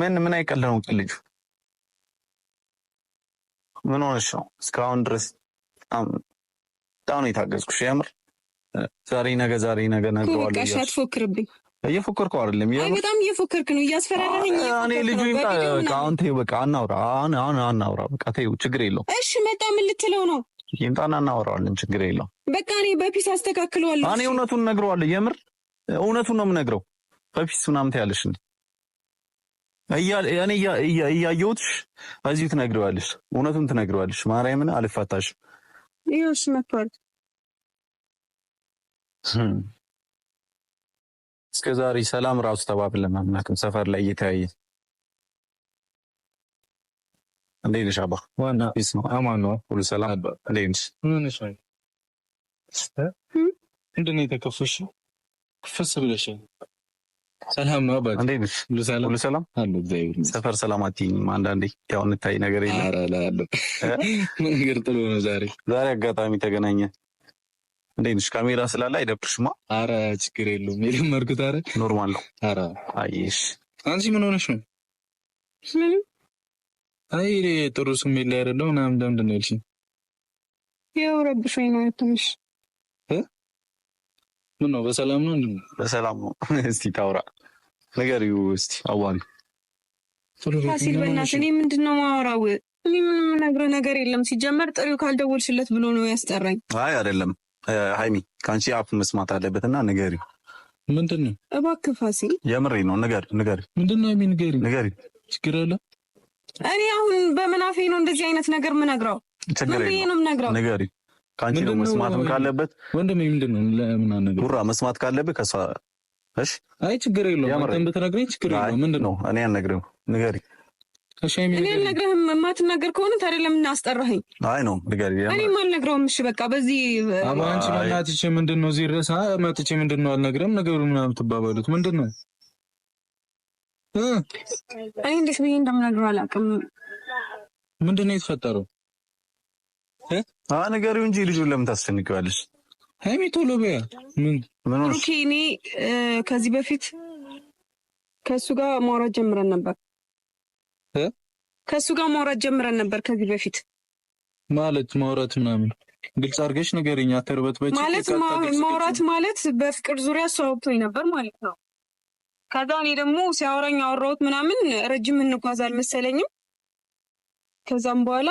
ምን ምን አይቀል ነው ልጁ ምን ሆነሽ ነው? እስካሁን ድረስ በጣም ነው የታገዝኩሽ። የምር ዛሬ ነገ ዛሬ ነገ ነግረዋለሁ። አትፎክርብኝ። እየፎከርኩ አይደለም። በጣም እየፎከርክ ነው፣ እያስፈራራኝ። እኔ ልጁ ይምጣ አሁን ተይው፣ በቃ አናውራ፣ አናውራ፣ በቃ ተይው፣ ችግር የለው። እሺ መጣ፣ ምን ልትለው ነው? ይምጣና እናወራዋለን፣ ችግር የለው። በቃ እኔ በፒስ አስተካክለዋለሁ። እኔ እውነቱን እነግረዋለሁ። የምር እውነቱን ነው የምነግረው። በፊት ምናምን ትያለሽ እንዴ? እኔ እያየሁትሽ እዚሁ ትነግረዋለሽ፣ እውነቱን ትነግረዋለሽ። ማርያምን አልፋታሽ። ይኸውልሽ መጥቷል። እስከ ዛሬ ሰላም ራሱ ተባብለን አናውቅም። ሰፈር ላይ እየተያየ እንዴት ነሽ አባ? ዋና ነው፣ አማን ነው፣ ሁሉ ሰላም። እንዴት ነሽ? ምን ነሽ? ምንድን ነው የተከፈሽው? ክፍስ ብለሽ ሰላም ነው። በቃ እንዴት ነሽ? ሁሉ ሰላም፣ ሁሉ ሰላም አሉ። እግዚአብሔር ሰፈር ሰላም አትይኝም። አንዳንዴ ያው እንታይ ነገር የለም። ኧረ እላለሁ። ምን ነገር ጥሩ ነው ዛሬ። ዛሬ አጋጣሚ ተገናኘ። እንዴት ነሽ? ካሜራ ስላለ አይደብርሽማ? አረ ችግር የለውም። የለመድኩት። አረ ኖርማል ነው። አረ አየሽ፣ አንቺ ምን ሆነሽ ነው? አይ ጥሩ ስሜት ላይ አይደለሁ ምናምን ለምንድን ነው ያልሽኝ? ያው ረብሾኝ ነው ትንሽ ምን ነው? በሰላም ነው እንዴ? በሰላም ነው። እስቲ ታውራ ንገሪው እስኪ አዋሪ ፋሲል በእናትህ እኔ ምንድን ነው የማወራው? እኔ ምንም ነግረህ ነገር የለም። ሲጀመር ጥሪው ካልደወልሽለት ብሎ ነው ያስጠራኝ። አይ አይደለም ሀይሚ ከአንቺ አፍ መስማት አለበትና ንገሪው። ምንድን ነው እባክህ ፋሲል፣ የምሬ ነው ንገሪ፣ ንገሪ። ምንድን ነው ሀይሚ ንገሪ፣ ንገሪ። ችግር የለም። እኔ አሁን በምናፌ ነው እንደዚህ አይነት ነገር ምነግረው፣ ችግር ነው ምነግረው። ንገሪ። ከአንቺ ነው መስማትም ካለበት ወንድሜ፣ ምንድን ነው ለምን አነገር? ሁራ መስማት ካለብህ ከሷ እሺ አይ ችግር የለውም። አንተም ብትነግረኝ ችግር የለውም። ምንድን ነው እኔ አልነግርህም፣ ንገሪኝ። እኔ አልነግርህም። የማትናገር ከሆነ ታዲያ ለምን አስጠራኸኝ? አይ ነው ንገሪኝ። እኔም አልነግረውም። እሺ በቃ በዚህ አንቺ ማናትቼ ምንድን ነው እዚህ ድረስ መጥቼ ምንድን ነው አልነግርህም፣ ነገሩ ምናምን ትባባሉት ምንድን ነው? እኔ እንዴት ብዬ እንደምነግረው አላውቅም። ምንድን ነው የተፈጠረው? ንገሪው እንጂ ልጁን ለምን ታስጨንቂዋለሽ? ሀይሚ ቶሎ በያ ምን ብሩኬ እኔ ከዚህ በፊት ከእሱ ጋር ማውራት ጀምረን ነበር። ከእሱ ጋር ማውራት ጀምረን ነበር ከዚህ በፊት ማለት ማውራት ምናምን ግልጽ አድርገሽ ንገሪኝ። አተርበትበች ማለት ማውራት ማለት በፍቅር ዙሪያ እሱ አውርቶኝ ነበር ማለት ነው። ከዛ እኔ ደግሞ ሲያወራኝ አወራሁት ምናምን ረጅም እንጓዝ አልመሰለኝም። ከዛም በኋላ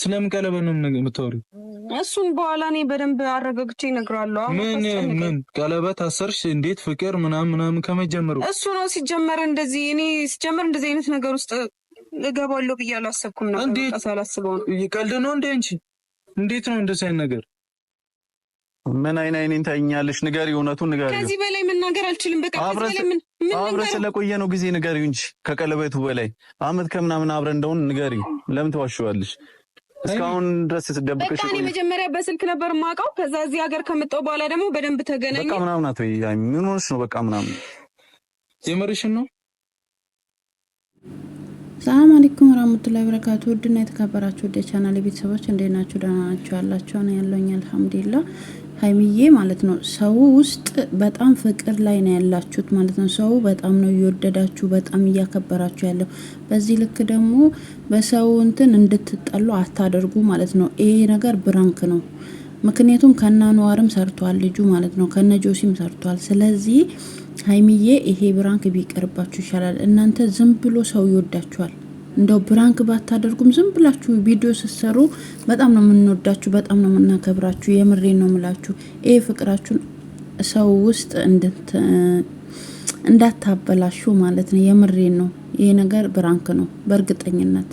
ስለምን ቀለበት ነው የምታወሪው? እሱን በኋላ እኔ በደንብ አረጋግቼ እነግርሃለሁ። ምን ምን ቀለበት አሰርሽ? እንዴት ፍቅር ምናምን ምናምን ከመጀመሩ እሱ ነው ሲጀመር። እንደዚህ እኔ ሲጀመር እንደዚህ አይነት ነገር ውስጥ እገባለሁ ብዬ አላሰብኩም ነበር። እንዴት ሳላስበው ቀልድ ነው እንዴ? አንቺ እንዴት ነው እንደዚህ አይነት ነገር ምን አይን አይኔን ታኛለሽ? ንገሪው፣ እውነቱን ንገሪው። ከዚህ በላይ መናገር አልችልም። በቃ ከዚህ በላይ ምን አብረን ስለቆየ ነው ጊዜ ንገሪው እንጂ ከቀለበቱ በላይ አመት ከምናምን አብረን እንደውን ንገሪው። ለምን ትዋሽዋለሽ? እስካሁን ድረስ ስትደብቀሽ በቃ መጀመሪያ በስልክ ነበር የማውቀው። ከዛ እዚህ ሀገር ከመጣሁ በኋላ ደግሞ በደንብ ተገናኘን። በቃ ምናምን አትበይ። ምን ሆነሽ ነው? በቃ ምናምን የመርሽን ነው። ሰላም አለይኩም ወራህመቱላሂ ወበረካቱ። ውድና የተከበራችሁ ወደ ቻናል ቤተሰቦች እንዴት ናችሁ? ደህና ናችሁ? ያላችሁ ነው ያለውኝ አልሐምዱሊላህ ሀይሚዬ ማለት ነው ሰው ውስጥ በጣም ፍቅር ላይ ነው ያላችሁት ማለት ነው። ሰው በጣም ነው እየወደዳችሁ በጣም እያከበራችሁ ያለው። በዚህ ልክ ደግሞ በሰው እንትን እንድትጠሉ አታደርጉ ማለት ነው። ይሄ ነገር ብራንክ ነው። ምክንያቱም ከነ ሰርቷል ልጁ ማለት ነው፣ ከነ ጆሲም ሰርቷል። ስለዚህ ሀይሚዬ ይሄ ብራንክ ቢቀርባችሁ ይሻላል። እናንተ ዝም ብሎ ሰው ይወዳችኋል እንደው ብራንክ ባታደርጉም ዝም ብላችሁ ቪዲዮ ስትሰሩ በጣም ነው የምንወዳችሁ፣ በጣም ነው የምናከብራችሁ። የምሬ ነው ምላችሁ። ይህ ፍቅራችሁን ሰው ውስጥ እንዳታበላሹ ማለት ነው። የምሬ ነው። ይሄ ነገር ብራንክ ነው በእርግጠኝነት